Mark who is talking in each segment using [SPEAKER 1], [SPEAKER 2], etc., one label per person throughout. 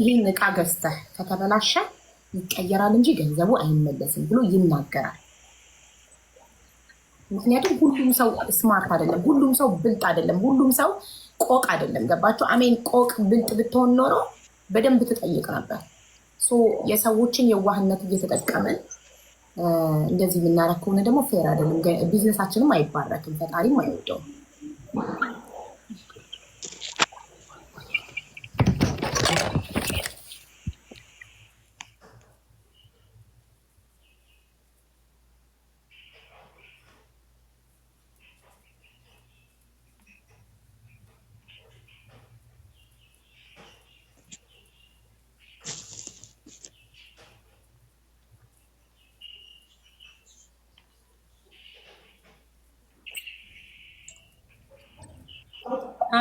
[SPEAKER 1] ይህን እቃ ገዝተህ ከተበላሸ ይቀየራል እንጂ ገንዘቡ አይመለስም ብሎ ይናገራል። ምክንያቱም ሁሉም ሰው ስማርት አይደለም፣ ሁሉም ሰው ብልጥ አይደለም፣ ሁሉም ሰው ቆቅ አይደለም። ገባችሁ? አሜን። ቆቅ ብልጥ ብትሆን ኖሮ በደንብ ትጠይቅ ነበር። የሰዎችን የዋህነት እየተጠቀምን እንደዚህ የምናረግ ከሆነ ደግሞ ፌር አይደለም። ቢዝነሳችንም አይባረክም፣ ፈጣሪም አይወደውም።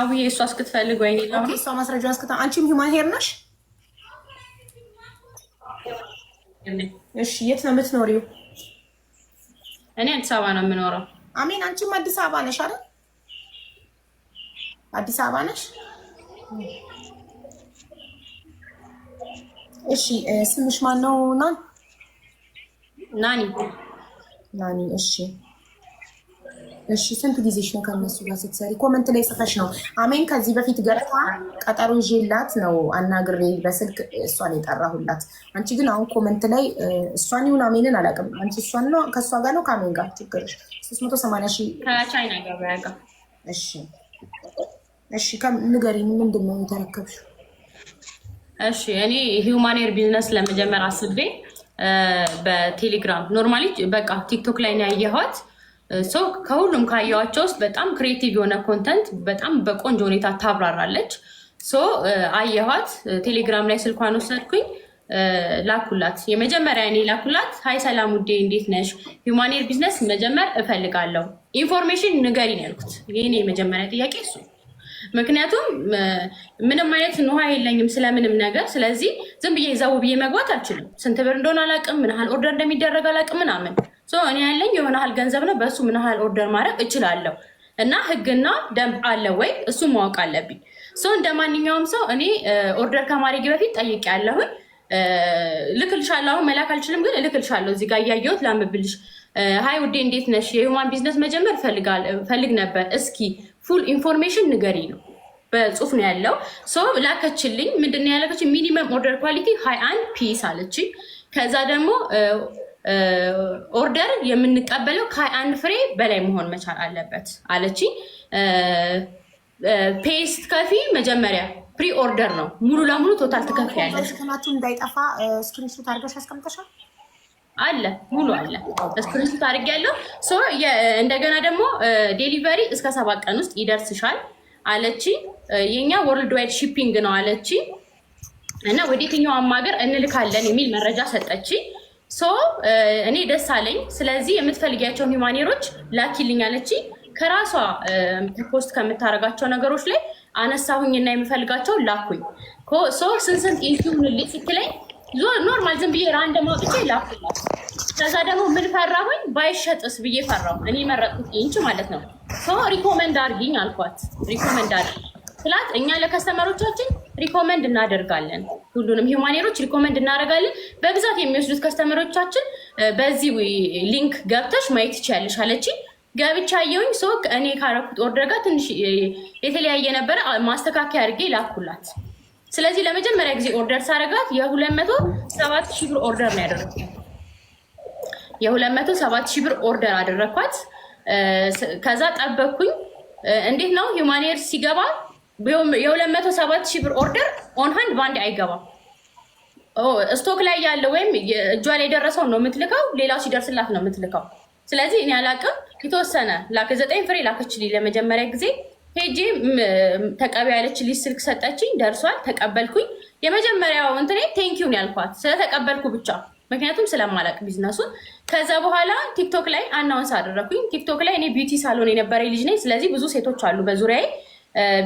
[SPEAKER 2] አብዬ እሷ እስክትፈልግ ወይ
[SPEAKER 1] እሷ ማስረጃ እስክታ አንቺም ሂማን ሄር ነሽ። እሺ የት ነው የምትኖሪው?
[SPEAKER 2] እኔ አዲስ አበባ ነው የምኖረው።
[SPEAKER 1] አሜን። አንቺም አዲስ አበባ ነሽ አይደል? አዲስ አበባ ነሽ። እሺ ስምሽ ማን ነው? ናን ናኒ ናኒ። እሺ እሺ ስንት ጊዜሽ ነው ከነሱ ጋር ስትሰሪ? ኮመንት ላይ ጽፈሽ ነው። አሜን ከዚህ በፊት ገብታ ቀጠሮ ይዤላት ነው አናግሬ በስልክ እሷን የጠራሁላት። አንቺ ግን አሁን ኮመንት ላይ እሷን ይሁን አሜንን አላውቅም። አንቺ እሷን ነው ከእሷ ጋር ነው ከአሜን ጋር ችግርሽ? ሶስት መቶ ሰማንያ ሺህ
[SPEAKER 2] ከቻይና ጋር
[SPEAKER 1] እሺ፣ እሺ ንገሪኝ፣ ምንድን ነው
[SPEAKER 2] እሺ እኔ ሂውማን ኤር ቢዝነስ ለመጀመር አስቤ በቴሌግራም ኖርማሊ በቃ ቲክቶክ ላይ ነው ያየኋት ሰው ከሁሉም ካየዋቸው ውስጥ በጣም ክሬቲቭ የሆነ ኮንተንት በጣም በቆንጆ ሁኔታ ታብራራለች። ሶ አየኋት፣ ቴሌግራም ላይ ስልኳን ወሰድኩኝ፣ ላኩላት። የመጀመሪያ እኔ ላኩላት፣ ሀይ ሰላም ውዴ፣ እንዴት ነሽ? ሂውማኔር ቢዝነስ መጀመር እፈልጋለሁ፣ ኢንፎርሜሽን ንገሪን ያልኩት። ይህኔ የመጀመሪያ ጥያቄ እሱ ምክንያቱም ምንም አይነት ንሃ የለኝም ስለምንም ነገር። ስለዚህ ዝም ብዬ ዘው ብዬ መግባት አልችልም። ስንት ብር እንደሆነ አላውቅም፣ ምን ያህል ኦርደር እንደሚደረግ አላውቅም ምናምን እኔ ያለኝ የሆነ ያህል ገንዘብ ነው። በእሱ ምን ያህል ኦርደር ማድረግ እችላለሁ እና ህግና ደንብ አለ ወይ እሱ ማወቅ አለብኝ። እንደ ማንኛውም ሰው እኔ ኦርደር ከማድረግ በፊት ጠይቅ ያለሁኝ ልክልሻለሁ። አሁን መላክ አልችልም፣ ግን ልክልሻለሁ። እዚህ ጋር እያየሁት ላምብልሽ። ሀይ ውዴ፣ እንዴት ነሽ? የሁማን ቢዝነስ መጀመር ፈልግ ነበር። እስኪ ፉል ኢንፎርሜሽን ንገሪ ነው በጽሁፍ ነው ያለው። ሶ ላከችልኝ። ምንድን ነው ሚኒመም ኦርደር ኳሊቲ ሀይ አንድ ፒስ አለችኝ። ከዛ ደግሞ ኦርደር የምንቀበለው ከአንድ ፍሬ በላይ መሆን መቻል አለበት አለች። ፔስት ከፊ መጀመሪያ ፕሪ ኦርደር ነው። ሙሉ ለሙሉ ቶታል ትከፍያለሽ።
[SPEAKER 1] እንዳይጠፋ ስክሪንሹት አድርገሽ ያስቀምጠሻል
[SPEAKER 2] አለ ሙሉ አለ ስክሪንሹት ያለው እንደገና ደግሞ ዴሊቨሪ እስከ ሰባት ቀን ውስጥ ይደርስሻል አለች። የኛ ወርልድ ዋይድ ሺፒንግ ነው አለች እና ወደ የትኛውም ሀገር እንልካለን የሚል መረጃ ሰጠች። ሶ እኔ ደስ አለኝ። ስለዚህ የምትፈልጊያቸውን ሂማኔሮች ላኪልኝ አለችኝ። ከራሷ ፖስት ከምታደርጋቸው ነገሮች ላይ አነሳሁኝ እና የምፈልጋቸው ላኩኝ። ሶ ስንስንት ኢንቲሁንልኝ ስትለኝ ኖርማል ዝም ብዬ ራንደ ማውጥቼ ላኩኝ። ከዛ ደግሞ ምን ፈራሁኝ ባይሸጥስ ብዬ ፈራሁ። እኔ መረጥኩት ኢንች ማለት ነው። ሶ ሪኮመንድ አርጊኝ አልኳት። ሪኮመንድ አርጊኝ ስላት እኛ ለከስተመሮቻችን ሪኮመንድ እናደርጋለን። ሁሉንም ሂማኔሮች ሪኮመንድ እናደርጋለን። በብዛት የሚወስዱት ከስተመሮቻችን በዚህ ሊንክ ገብተሽ ማየት ትችያለሽ አለችኝ። ገብቻ አየሁኝ። ሰው እኔ ካረኩት ኦርደር ጋር ትንሽ የተለያየ ነበረ። ማስተካከያ አድርጌ ላኩላት። ስለዚህ ለመጀመሪያ ጊዜ ኦርደር ሳረጋት የሁለት መቶ ሰባት ሺህ ብር ኦርደር ነው ያደረግኩት። የሁለት መቶ ሰባት ሺህ ብር ኦርደር አደረግኳት። ከዛ ጠበኩኝ እንዴት ነው ሂማኔር ሲገባ የሁለት መቶ ሰባት ሺህ ብር ኦርደር ኦን ሃንድ በአንድ አይገባም። ስቶክ ላይ ያለው ወይም እጇ ላይ የደረሰው ነው የምትልከው፣ ሌላው ሲደርስላት ነው የምትልከው። ስለዚህ እኔ አላቅም። የተወሰነ ላከ ዘጠኝ ፍሬ ላከችልኝ ለመጀመሪያ ጊዜ ሄጄ ተቀቢ ያለችልኝ ስልክ ሰጠችኝ። ደርሷል፣ ተቀበልኩኝ። የመጀመሪያው እንትኔ ቴንኪውን ያልኳት ስለተቀበልኩ ብቻ ምክንያቱም ስለማላቅ ቢዝነሱን። ከዛ በኋላ ቲክቶክ ላይ አናውንስ አደረኩኝ። ቲክቶክ ላይ እኔ ቢዩቲ ሳሎን የነበረ ልጅ ነኝ። ስለዚህ ብዙ ሴቶች አሉ በዙሪያዬ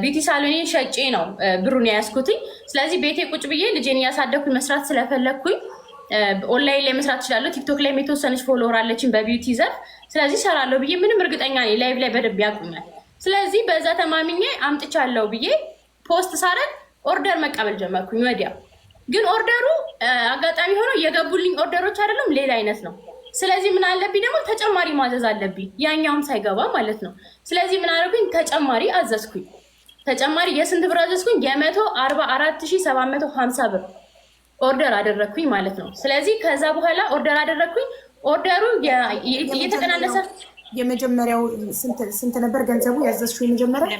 [SPEAKER 2] ቢቲ ሳሎኔን ሸጬ ነው ብሩን የያዝኩትኝ። ስለዚህ ቤቴ ቁጭ ብዬ ልጄን እያሳደኩኝ መስራት ስለፈለግኩኝ ኦንላይን ላይ መስራት እችላለሁ። ቲክቶክ ላይ የተወሰነች ፎሎወር አለችኝ በቢዩቲ ዘርፍ። ስለዚህ እሰራለሁ ብዬ ምንም እርግጠኛ ነኝ። ላይቭ ላይ በደንብ ያቁኛል። ስለዚህ በዛ ተማምኜ አምጥቻለሁ ብዬ ፖስት ሳረግ ኦርደር መቀበል ጀመርኩኝ። ወዲያ ግን ኦርደሩ አጋጣሚ ሆኖ የገቡልኝ ኦርደሮች አይደለም ሌላ አይነት ነው። ስለዚህ ምን አለብኝ ደግሞ ተጨማሪ ማዘዝ አለብኝ፣ ያኛውም ሳይገባ ማለት ነው። ስለዚህ ምን አለብኝ ተጨማሪ አዘዝኩኝ። ተጨማሪ የስንት ብር አዘዝኩኝ? የመቶ አርባ አራት ሺ ሰባት መቶ ሀምሳ ብር ኦርደር አደረግኩኝ ማለት ነው። ስለዚህ ከዛ በኋላ ኦርደር አደረግኩኝ። ኦርደሩ እየተቀናነሰ
[SPEAKER 1] የመጀመሪያው ስንት ነበር ገንዘቡ ያዘዝሽው? የመጀመሪያ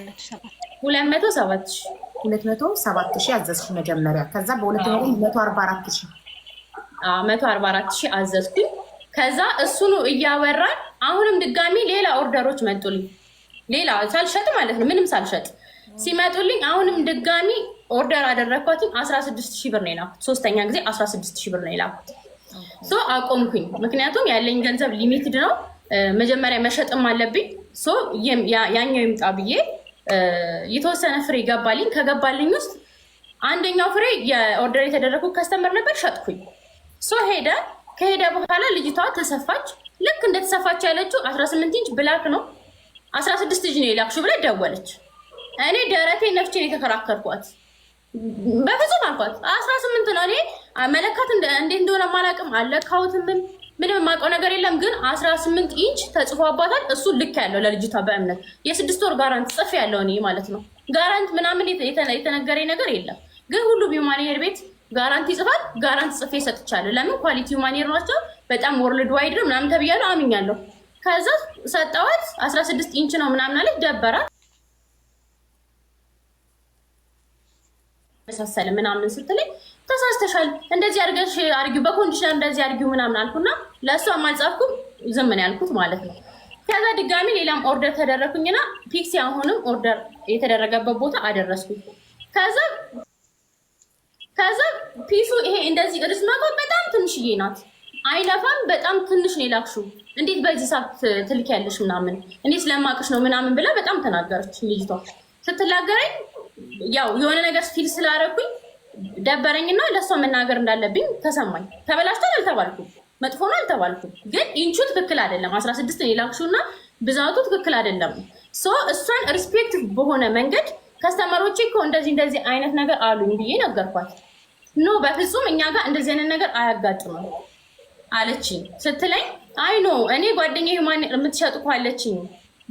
[SPEAKER 2] ሁለት መቶ ሰባት ሺ
[SPEAKER 1] ሁለት መቶ ሰባት ሺ አዘዝሽው መጀመሪያ። ከዛ በሁለተኛው መቶ አርባ አራት ሺ
[SPEAKER 2] መቶ አርባ አራት ሺ አዘዝኩኝ። ከዛ እሱኑ እያወራን አሁንም ድጋሚ ሌላ ኦርደሮች መጡልኝ። ሌላ ሳልሸጥ ማለት ነው ምንም ሳልሸጥ ሲመጡልኝ አሁንም ድጋሚ ኦርደር አደረግኳትኝ። አስራ ስድስት ሺህ ብር ነው የላኩት። ሶስተኛ ጊዜ አስራ ስድስት ሺህ ብር ነው የላኩት። ሶ አቆምኩኝ፣ ምክንያቱም ያለኝ ገንዘብ ሊሚትድ ነው። መጀመሪያ መሸጥም አለብኝ። ሶ ያኛው ይምጣ ብዬ የተወሰነ ፍሬ ገባልኝ። ከገባልኝ ውስጥ አንደኛው ፍሬ የኦርደር የተደረግኩት ከስተመር ነበር፣ ሸጥኩኝ። ሶ ሄደ። ከሄደ በኋላ ልጅቷ ተሰፋች። ልክ እንደተሰፋች ያለችው አስራ ስምንት ኢንች ብላክ ነው። አስራ ስድስት ኢንች ነው የላክሽው ብላ ደወለች። እኔ ደረቴ ነፍቼን የተከራከርኳት በፍጹም አልኳት። አስራ ስምንት ነው። እኔ መለካት እንዴት እንደሆነ ማላቅም አለካሁትም። ምንም የማውቀው ነገር የለም። ግን አስራ ስምንት ኢንች ተጽፎ አባታል። እሱ ልክ ያለው ለልጅቷ በእምነት የስድስት ወር ጋራንት ጽፍ ያለው እኔ ማለት ነው። ጋራንት ምናምን የተነገረኝ ነገር የለም። ግን ሁሉ ቢማኒሄር ቤት ጋራንቲ ይጽፋል። ጋራንት ጽፌ ሰጥቻለሁ። ለምን ኳሊቲ ሂውማኒሄር ናቸው። በጣም ወርልድ ዋይድ ነው ምናምን ተብያለሁ። አምኛለሁ። ከዛ ሰጠዋት። አስራ ስድስት ኢንች ነው ምናምን አለች። ደበራት። መሳሰል ምናምን ስትለኝ ተሳስተሻል፣ እንደዚህ አድርገሽ አድርጊው፣ በኮንዲሽነር እንደዚህ አድርጊው ምናምን አልኩና ለእሷም አልጻፍኩም ዝም ነው ያልኩት ማለት ነው። ከዛ ድጋሚ ሌላም ኦርደር ተደረኩኝና ፒክሲ አሁንም ኦርደር የተደረገበት ቦታ አደረስኩኝ። ከዛ ከዛ ፒሱ ይሄ እንደዚህ ርዝመቷ በጣም ትንሽዬ ናት፣ አይለፋም። በጣም ትንሽ ነው የላክሹ እንዴት በዚህ ሰዓት ያለሽ ምናምን፣ እኔ ስለማቅሽ ነው ምናምን ብላ በጣም ተናገረች ልጅቷ ስትናገረኝ ያው የሆነ ነገር ፊል ስላደረኩኝ ደበረኝና ለእሷ መናገር እንዳለብኝ ተሰማኝ። ተበላሽቷል አልተባልኩም፣ መጥፎ ነው አልተባልኩም። ግን ኢንቹ ትክክል አይደለም፣ አስራ ስድስት ሌላክሹ እና ብዛቱ ትክክል አይደለም። እሷን ሪስፔክት በሆነ መንገድ ከስተመሮቼ እኮ እንደዚህ እንደዚህ አይነት ነገር አሉኝ ብዬ ነገርኳት። ኖ በፍጹም እኛ ጋር እንደዚህ አይነት ነገር አያጋጥምም አለችኝ። ስትለኝ አይ ኖ እኔ ጓደኛ ማን የምትሸጡ አለችኝ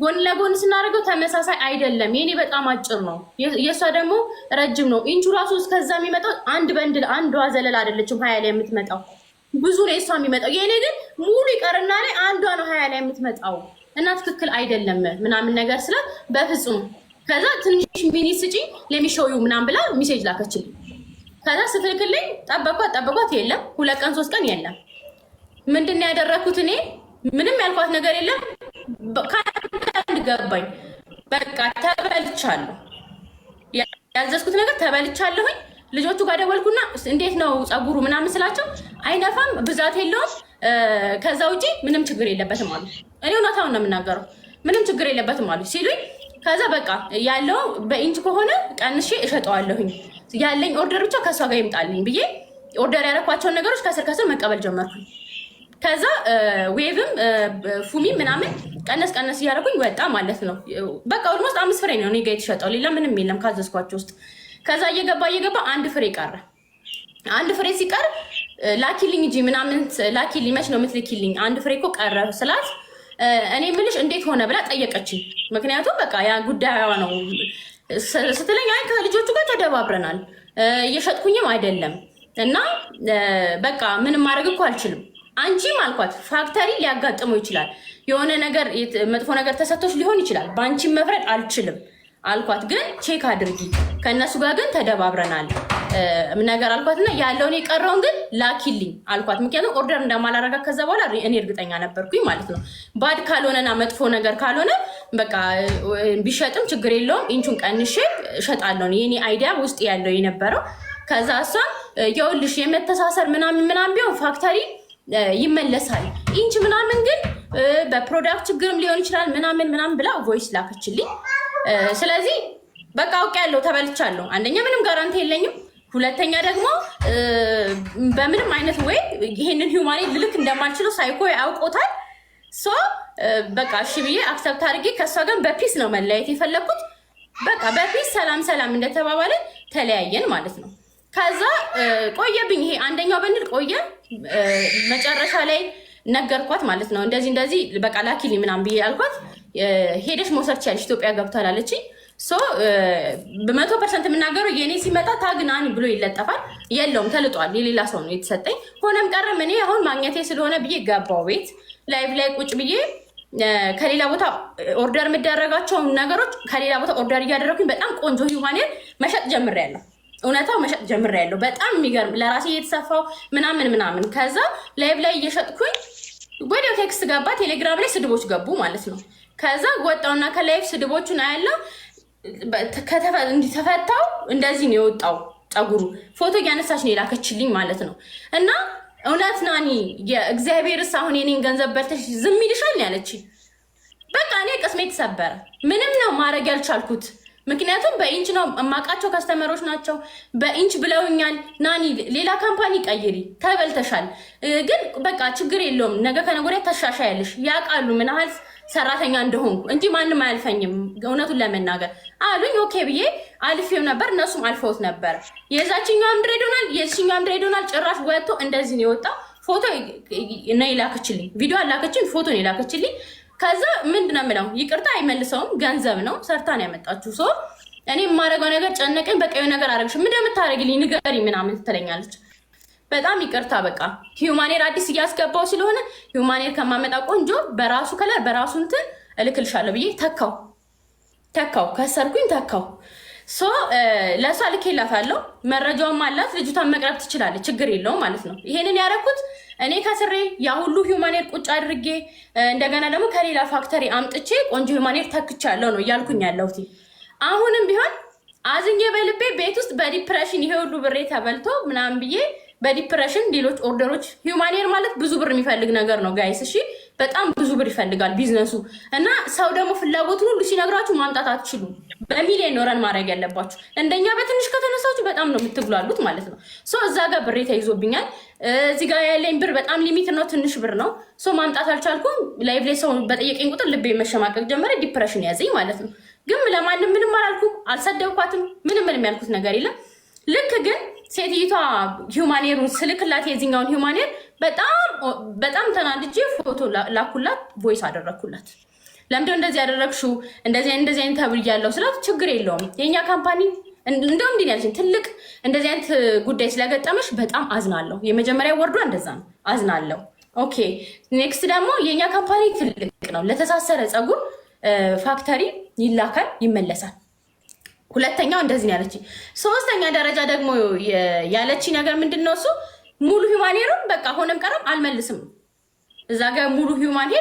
[SPEAKER 2] ጎን ለጎን ስናደርገው ተመሳሳይ አይደለም። የኔ በጣም አጭር ነው፣ የእሷ ደግሞ ረጅም ነው። ኢንቹ ራሱ እስከዛ የሚመጣው አንድ በንድ አንዷ ዘለላ አይደለችም ሀያ ላይ የምትመጣው ብዙ ነው የእሷ የሚመጣው። የኔ ግን ሙሉ ይቀርና ላይ አንዷ ነው ሀያ ላይ የምትመጣው እና ትክክል አይደለም ምናምን ነገር ስለ በፍጹም ከዛ ትንሽ ሚኒ ስጪ ለሚሸዩ ምናምን ብላ ሚሴጅ ላከችልኝ። ከዛ ስትልክልኝ ጠበቋት ጠበቋት የለም። ሁለት ቀን ሶስት ቀን የለም። ምንድን ነው ያደረኩት እኔ ምንም ያልኳት ነገር የለም አንድ ገባኝ። በቃ ተበልቻለሁ፣ ያዘዝኩት ነገር ተበልቻለሁኝ። ልጆቹ ጋር ደወልኩና እንዴት ነው ፀጉሩ ምናምን ስላቸው አይነፋም፣ ብዛት የለውም፣ ከዛ ውጪ ምንም ችግር የለበትም አሉ። እኔ እውነታውን ነው የምናገረው፣ ምንም ችግር የለበትም አሉ ሲሉኝ ከዛ በቃ ያለው በኢንች ከሆነ ቀንሼ እሸጠዋለሁኝ ያለኝ ኦርደር ብቻ ከእሷ ጋር ይምጣልኝ ብዬ ኦርደር ያደረኳቸውን ነገሮች ከስር ከስር መቀበል ጀመርኩኝ። ከዛ ዌብም ፉሚ ምናምን ቀነስ ቀነስ እያደረጉኝ ወጣ ማለት ነው። በቃ ኦልሞስት አምስት ፍሬ ነው እኔ ጋ የተሸጠው፣ ሌላ ምንም የለም ካዘዝኳቸው ውስጥ። ከዛ እየገባ እየገባ አንድ ፍሬ ቀረ። አንድ ፍሬ ሲቀር ላኪልኝ እንጂ ምናምን ላኪልኝ፣ መች ነው የምትልኪልኝ? አንድ ፍሬ እኮ ቀረ ስላት እኔ ምልሽ እንዴት ሆነ ብላ ጠየቀችኝ። ምክንያቱም በቃ ያ ጉዳዩ ነው ስትለኝ፣ አይ ከልጆቹ ጋር ተደባብረናል እየሸጥኩኝም አይደለም እና በቃ ምንም ማድረግ እኮ አልችልም አንቺም አልኳት ፋክተሪ ሊያጋጥመው ይችላል። የሆነ ነገር መጥፎ ነገር ተሰቶች ሊሆን ይችላል። በአንቺም መፍረድ አልችልም አልኳት፣ ግን ቼክ አድርጊ። ከእነሱ ጋር ግን ተደባብረናል ነገር አልኳትና ያለውን የቀረውን ግን ላኪልኝ አልኳት። ምክንያቱም ኦርደር እንደማላረጋ ከዛ በኋላ እኔ እርግጠኛ ነበርኩኝ ማለት ነው። ባድ ካልሆነና መጥፎ ነገር ካልሆነ በቃ ቢሸጥም ችግር የለውም። ኢንቹን ቀንሼ እሸጣለሁ። የኔ አይዲያ ውስጥ ያለው የነበረው ከዛ እሷ የውልሽ የመተሳሰር ምናምን ምናምን ቢሆን ፋክተሪ ይመለሳል። ኢንች ምናምን ግን በፕሮዳክት ችግርም ሊሆን ይችላል ምናምን ምናምን ብላ ቮይስ ላከችልኝ። ስለዚህ በቃ ያለው ተበልቻለሁ። አንደኛ ምንም ጋራንቲ የለኝም፣ ሁለተኛ ደግሞ በምንም አይነት ወይ ይሄንን ሂውማኔ ልልክ እንደማልችለው ሳይኮ ያውቆታል። ሶ በቃ እሺ ብዬ አክሰብት አድርጌ ከእሷ ጋር በፒስ ነው መለያየት የፈለግኩት። በቃ በፒስ ሰላም ሰላም እንደተባባለን ተለያየን ማለት ነው። ከዛ ቆየብኝ ይሄ አንደኛው በንል ቆየን። መጨረሻ ላይ ነገርኳት ማለት ነው። እንደዚህ እንደዚህ በቃ ላኪሊ ምናምን ብዬ አልኳት። ሄደሽ መውሰድ ትችያለሽ ኢትዮጵያ ገብቷል አለችኝ። በመቶ ፐርሰንት የምናገረው የእኔ ሲመጣ ታግ ናኒ ብሎ ይለጠፋል። የለውም ተልጧል። የሌላ ሰው ነው የተሰጠኝ። ሆነም ቀረም እኔ አሁን ማግኘቴ ስለሆነ ብዬ ገባው ቤት ላይቭ ላይ ቁጭ ብዬ ከሌላ ቦታ ኦርደር የምደረጋቸውን ነገሮች ከሌላ ቦታ ኦርደር እያደረኩኝ በጣም ቆንጆ ሂዋኔን መሸጥ ጀምሬያለሁ። እውነታው መሸጥ ጀምሬያለሁ። በጣም የሚገርም ለራሴ እየተሰፋው ምናምን ምናምን። ከዛ ላይቭ ላይ እየሸጥኩኝ ወዲያው ቴክስት ገባ፣ ቴሌግራም ላይ ስድቦች ገቡ ማለት ነው። ከዛ ወጣውና ከላይቭ ስድቦቹን አያለው። ተፈታው እንደዚህ ነው የወጣው ፀጉሩ። ፎቶ እያነሳች ነው የላከችልኝ ማለት ነው። እና እውነት ናኒ የእግዚአብሔርስ አሁን የኔን ገንዘብ በልተሽ ዝም ይልሻል ያለች። በቃ እኔ ቅስሜ ተሰበረ። ምንም ነው ማድረግ ያልቻልኩት። ምክንያቱም በኢንች ነው የማውቃቸው ከስተመሮች ናቸው። በኢንች ብለውኛል። ናኒ ሌላ ካምፓኒ ቀይሪ ተበልተሻል፣ ግን በቃ ችግር የለውም ነገ ከነገ ወዲያ ተሻሻያለሽ። ያውቃሉ ምን ያህል ሰራተኛ እንደሆንኩ እንጂ ማንም አያልፈኝም። እውነቱን ለመናገር አሉኝ። ኦኬ ብዬ አልፌው ነበር፣ እነሱም አልፈውት ነበር። የዛችኛውም ድሬዶናል፣ የዚችኛውም ድሬዶናል። ጭራሽ ወጥቶ እንደዚህ ነው የወጣው ፎቶ ነው የላከችልኝ። ቪዲዮ አላከችኝ፣ ፎቶ ነው የላከችልኝ። ከዛ ምንድን ነው የምለው፣ ይቅርታ አይመልሰውም። ገንዘብ ነው ሰርታ ነው ያመጣችሁ ሰው። እኔ የማደርገው ነገር ጨነቀኝ። በቃ የሆነ ነገር አደረግሽ፣ ምንድን ነው የምታደርግልኝ? ንገሪኝ ምናምን ትለኛለች። በጣም ይቅርታ በቃ ሂውማኔር አዲስ እያስገባው ስለሆነ ሂውማኔር ከማመጣ ቆንጆ በራሱ ከለር በራሱ እንትን እልክልሻለሁ ብዬ ተካው ተካው፣ ከሰርኩኝ ተካው። ሶ ለእሷ ልኬላታለሁ። መረጃውም አላት። ልጅቷን መቅረብ ትችላለች። ችግር የለውም ማለት ነው። ይሄንን ያደረኩት እኔ ከስሬ ያ ሁሉ ሂውማኔር ቁጭ አድርጌ እንደገና ደግሞ ከሌላ ፋክተሪ አምጥቼ ቆንጆ ሂውማኔር ተክቻለሁ ነው እያልኩኝ ያለሁት። አሁንም ቢሆን አዝኜ በልቤ ቤት ውስጥ በዲፕሬሽን ይሄ ሁሉ ብሬ ተበልቶ ምናምን ብዬ በዲፕሬሽን ሌሎች ኦርደሮች ሂውማኔር ማለት ብዙ ብር የሚፈልግ ነገር ነው ጋይስ። እሺ በጣም ብዙ ብር ይፈልጋል ቢዝነሱ እና ሰው ደግሞ ፍላጎቱን ሁሉ ሲነግራችሁ ማምጣት አትችሉም። በሚሊዮን ኖረን ማድረግ ያለባችሁ እንደኛ በትንሽ ከተነሳችሁ በጣም ነው የምትግሏሉት ማለት ነው። እዛ ጋር ብሬ ተይዞብኛል። እዚህ ጋር ያለኝ ብር በጣም ሊሚት ነው፣ ትንሽ ብር ነው። ሶ ማምጣት አልቻልኩም። ላይቭ ላይ ሰው በጠየቀኝ ቁጥር ልቤ መሸማቀቅ ጀመረ። ዲፕሬሽን ያዘኝ ማለት ነው። ግን ለማንም ምንም አላልኩ፣ አልሰደብኳትም። ምንም ምንም ያልኩት ነገር የለም። ልክ ግን ሴትዮቷ ሂውማኔሩን ስልክላት የዚኛውን ሂውማኔር በጣም ተናድጄ ፎቶ ላኩላት፣ ቮይስ አደረግኩላት። ለምደ እንደዚህ ያደረግሽው እንደዚህ እንደዚህ አይነት ተብያለሁ ስላት ችግር የለውም የእኛ ካምፓኒ እንደውም እንዲህ ያለችኝ ትልቅ እንደዚህ አይነት ጉዳይ ስለገጠመሽ በጣም አዝናለሁ። የመጀመሪያ ወርዷ እንደዛ ነው፣ አዝናለሁ። ኦኬ ኔክስት ደግሞ የእኛ ካምፓኒ ትልቅ ነው። ለተሳሰረ ፀጉር ፋክተሪ ይላካል፣ ይመለሳል። ሁለተኛው እንደዚህ ያለች፣ ሶስተኛ ደረጃ ደግሞ ያለች ነገር ምንድን ነው እሱ ሙሉ ሂውማን በቃ ሆነም ቀረም አልመልስም። እዛ ጋር ሙሉ ሂውማን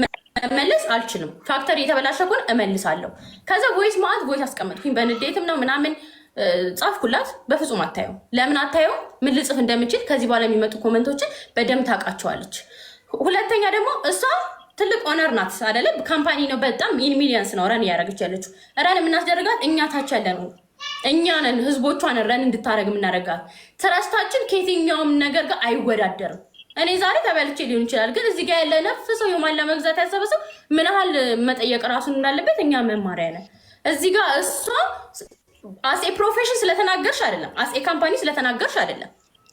[SPEAKER 2] መመልስ መመለስ አልችልም። ፋክተሪ የተበላሸ ከሆነ እመልሳለሁ። ከዛ ቮይስ ማአት ቮይስ አስቀመጥኩኝ። በንዴትም ነው ምናምን ጻፍኩላት። በፍጹም አታየው። ለምን አታየው? ምን ልጽፍ እንደምችል ከዚህ በኋላ የሚመጡ ኮመንቶችን በደንብ ታውቃቸዋለች። ሁለተኛ ደግሞ እሷ ትልቅ ኦነር ናት አይደለም? ካምፓኒ ነው። በጣም ኢን ሚሊየንስ ነው ረን እያደረገች ያለችው። ረን የምናስደርጋት እኛ ታች ያለ ነው እኛ ነን ህዝቦቿን ረን እንድታደረግ የምናደርጋት። ትረስታችን ከየትኛውም ነገር ጋር አይወዳደርም። እኔ ዛሬ ተበልቼ ሊሆን ይችላል፣ ግን እዚህ ጋር ያለ ነፍ ሰው የማን ለመግዛት ያሰበሰው ምን ያህል መጠየቅ ራሱን እንዳለበት እኛ መማሪያ ነን። እዚህ ጋር እሷ አሴ ፕሮፌሽን ስለተናገርሽ አይደለም፣ አሴ ካምፓኒ ስለተናገርሽ አይደለም።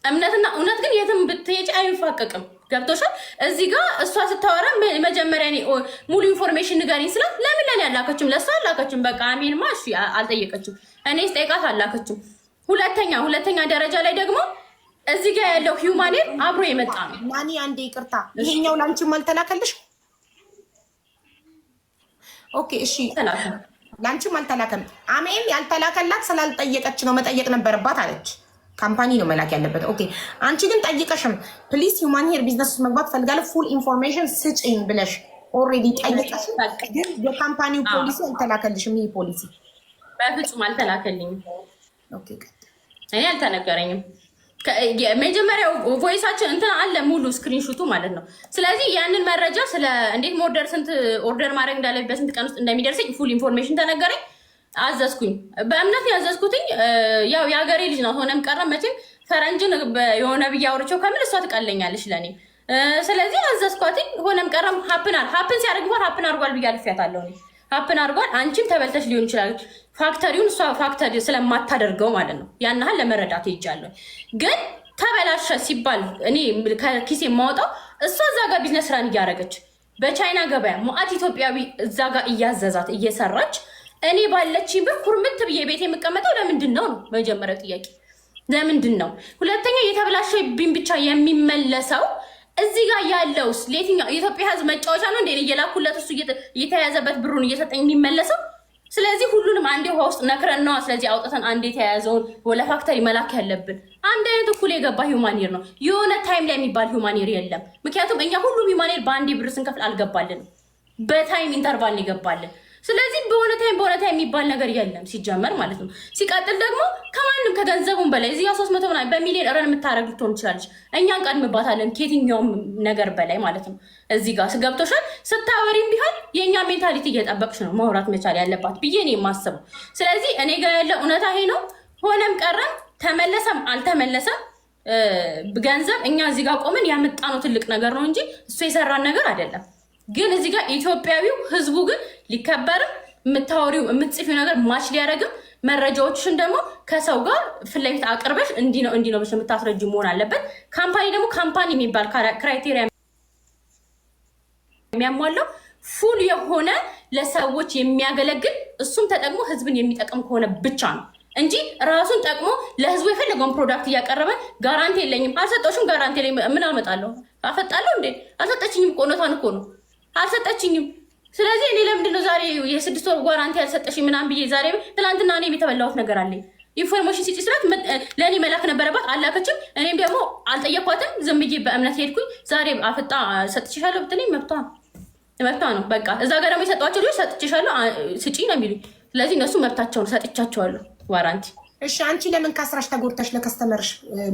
[SPEAKER 2] እምነትና እውነት ግን የትም ብትሄጂ አይንፋቀቅም። ገብቶሻል። እዚህ ጋር እሷ ስታወራ መጀመሪያ ሙሉ ኢንፎርሜሽን ንገሪኝ ስላት ለምን ለኔ አላከችም? ለእሷ አላከችም። በቃ አሜንማ እሺ አልጠየቀችም። እኔ ስጠይቃት አላከችም። ሁለተኛ ሁለተኛ ደረጃ ላይ ደግሞ እዚህ ጋር ያለው ሂውማኔር አብሮ የመጣ ነው።
[SPEAKER 1] ማኒ አንዴ ይቅርታ፣ ይሄኛው ላንቺም አልተላከልሽ? ኦኬ እሺ፣ ላንቺም አልተላከም። አሜም ያልተላከላት ስላልጠየቀች ነው። መጠየቅ ነበረባት አለች። ካምፓኒ ነው መላክ ያለበት። ኦኬ አንቺ ግን ጠይቀሽም፣ ፕሊስ ሂውማን ሄር ቢዝነስ ውስጥ መግባት ፈልጋለሁ ፉል ኢንፎርሜሽን ስጭኝ ብለሽ ኦልሬዲ ጠይቀሽ፣ ግን የካምፓኒው ፖሊሲ አልተላከልሽም። ይህ ፖሊሲ
[SPEAKER 2] በፍጹም አልተላከልኝም። እኔ አልተነገረኝም። መጀመሪያው ቮይሳችን እንትን አለ ሙሉ ስክሪንሹቱ ማለት ነው። ስለዚህ ያንን መረጃ ስለ እንዴት ሞርደር ስንት ኦርደር ማድረግ እንዳለብኝ በስንት ቀን ውስጥ እንደሚደርሰኝ ፉል ኢንፎርሜሽን ተነገረኝ። አዘዝኩኝ። በእምነት ያዘዝኩትኝ ያው የሀገሬ ልጅ ነው። ሆነም ቀረ መቼም ፈረንጅን የሆነ ብዬ አውርቼው ከምን እሷ ትቀለኛለች ለእኔ። ስለዚህ አዘዝኳትኝ። ሆነም ቀረም ሀፕን ሀፕን ሲያደርግ ሀፕን አድርጓል ብዬ አልፌያታለሁ። ሀፕን አድርጓል። አንቺም ተበልተሽ ሊሆን ይችላል ፋክተሪውን እሷ ፋክተሪ ስለማታደርገው ማለት ነው። ያን ያህል ለመረዳት ይጃለሁ። ግን ተበላሸ ሲባል እኔ ከኪሴ የማወጣው እሷ እዛ ጋር ቢዝነስ ራን እያደረገች በቻይና ገበያ ሙአት ኢትዮጵያዊ እዛ ጋር እያዘዛት እየሰራች እኔ ባለች ብር ኩርምት ብዬ ቤት የምቀመጠው ለምንድን ነው ነው መጀመሪያው ጥያቄ ለምንድን ነው? ሁለተኛ የተበላሸ የተበላሸብኝ ብቻ የሚመለሰው እዚህ ጋር ያለውስ ለየትኛው የኢትዮጵያ ሕዝብ መጫወቻ ነው እንዴ? እየላኩለት እሱ እየተያዘበት ብሩን እየሰጠኝ የሚመለሰው ስለዚህ ሁሉንም አንዴ ውሃ ውስጥ ነክረን ነዋ። ስለዚህ አውጥተን አንዴ የተያያዘውን ወደ ፋክተሪ መላክ ያለብን። አንድ አይነት እኩል የገባ ሂውማኔር ነው። የሆነ ታይም ላይ የሚባል ሂውማኔር የለም። ምክንያቱም እኛ ሁሉም ሂውማኔር በአንዴ ብር ስንከፍል አልገባልንም። በታይም ኢንተርቫል ይገባልን። ስለዚህ በእውነታ በእውነታ የሚባል ነገር የለም ሲጀመር ማለት ነው። ሲቀጥል ደግሞ ከማንም ከገንዘቡም በላይ እዚህ ሶስት መቶ ምናምን በሚሊዮን ረን የምታደረግ ልትሆን ትችላለች። እኛ እንቀድምባታለን ከየትኛውም ነገር በላይ ማለት ነው። እዚህ ጋር ስገብቶሻል። ስታወሪም ቢሆን የእኛ ሜንታሊቲ እየጠበቅሽ ነው መውራት መቻል ያለባት ብዬ ነው የማስበው። ስለዚህ እኔ ጋር ያለ እውነታ ይሄ ነው። ሆነም ቀረም ተመለሰም አልተመለሰም ገንዘብ እኛ እዚህ ጋር ቆምን ያመጣነው ትልቅ ነገር ነው እንጂ እሱ የሰራን ነገር አይደለም። ግን እዚህ ጋር ኢትዮጵያዊው ህዝቡ ግን ሊከበርም የምታወሪው የምትጽፊው ነገር ማች ሊያደረግም መረጃዎችን ደግሞ ከሰው ጋር ፊት ለፊት አቅርበሽ እንዲህ ነው እንዲህ ነው ብለሽ የምታስረጅ መሆን አለበት። ካምፓኒ ደግሞ ካምፓኒ የሚባል ክራይቴሪያ የሚያሟላው ፉል የሆነ ለሰዎች የሚያገለግል እሱም ተጠቅሞ ህዝብን የሚጠቅም ከሆነ ብቻ ነው እንጂ ራሱን ጠቅሞ ለህዝቡ የፈለገውን ፕሮዳክት እያቀረበ ጋራንቲ የለኝም አልሰጠሽም፣ ጋራንቲ የለኝም ምን አመጣለሁ? አፈጣለሁ እንዴ? አልሰጠችኝም እኮ እውነቷን እኮ ነው። አልሰጠችኝም። ስለዚህ እኔ ለምንድን ነው ዛሬ የስድስት ወር ጓራንቲ ያልሰጠሽኝ ምናምን ብዬ ዛሬ ትላንትና እኔ የተበላሁት ነገር አለኝ። ኢንፎርሜሽን ሲጭ ስላት ለእኔ መላክ ነበረባት፣ አላከችም። እኔም ደግሞ አልጠየኳትም፣ ዝም ብዬ በእምነት ሄድኩኝ። ዛሬ አፍጣ ሰጥችሻለሁ ብትለኝ መብቷ መብቷ ነው። በቃ እዛ ጋር ደግሞ የሰጧቸው ልጆች ሰጥችሻለሁ ስጪ ነው የሚሉኝ። ስለዚህ እነሱ መብታቸው ነው፣ ሰጥቻቸዋለሁ ዋራንቲ
[SPEAKER 1] እሺ አንቺ ለምን ከስራሽ ተጎድተሽ ለከስተመርሽ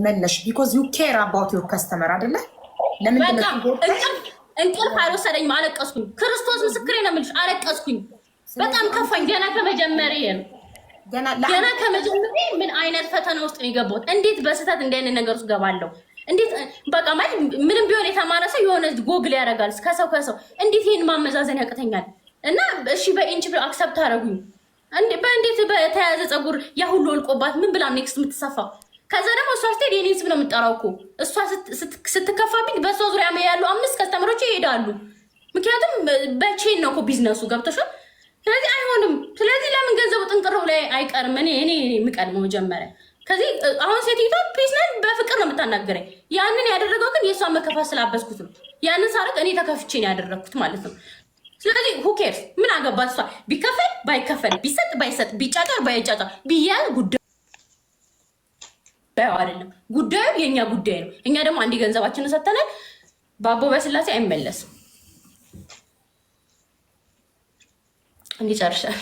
[SPEAKER 1] መለሽ? ቢኮዝ ዩ ኬር አባውት ዩር ከስተመር አደለ? አይደለ? ለምን
[SPEAKER 2] እንቅልፍ አልወሰደኝም። አለቀስኩኝ። ክርስቶስ ምስክሬ ነው የምልሽ፣ አለቀስኩኝ። በጣም ከፋኝ። ገና ከመጀመሪ ገና ከመጀመሪ ምን አይነት ፈተና ውስጥ ነው የገባሁት? እንዴት በስህተት እንዲህ አይነት ነገር ውስጥ ገባለሁ? እንዴት በቃ ማለት ምንም ቢሆን የተማረ ሰው የሆነ ጎግል ያደርጋል ከሰው ከሰው እንዴት ይህን ማመዛዘን ያቅተኛል? እና እሺ በኢንች ብለው አክሰብት አደረጉኝ። በእንዴት በተያያዘ ፀጉር ያ ሁሉ ወልቆባት ምን ብላ ኔክስት የምትሰፋው ከዛ ደግሞ እሷ ስትሄድ የኔን ስም ነው የምጠራው እኮ እሷ ስትከፋብኝ በእሷ ዙሪያ ያሉ አምስት ከስተመሮች ይሄዳሉ። ምክንያቱም በቼን ነው እኮ ቢዝነሱ ገብቶሻል። ስለዚህ አይሆንም። ስለዚህ ለምን ገንዘቡ ጥንቅረው ላይ አይቀርም? እኔ እኔ የምቀድመው መጀመሪያ ከዚህ አሁን ሴትዮቷ ቢዝነስ በፍቅር ነው የምታናገረኝ። ያንን ያደረገው ግን የእሷን መከፋት ስላበስኩት ነው። ያንን ሳረቅ እኔ ተከፍቼን ያደረግኩት ማለት ነው። ስለዚህ ሁኬርስ ምን አገባት እሷ ቢከፈል ባይከፈል ቢሰጥ ባይሰጥ ቢጫጫር ባይጫጫር ቢያዝ ጉዳይ በው አይደለም ጉዳዩ የእኛ ጉዳይ ነው። እኛ ደግሞ አንድ ገንዘባችንን ሰተናል። በአቦ ስላሴ አይመለስም። እንዲጨርሻል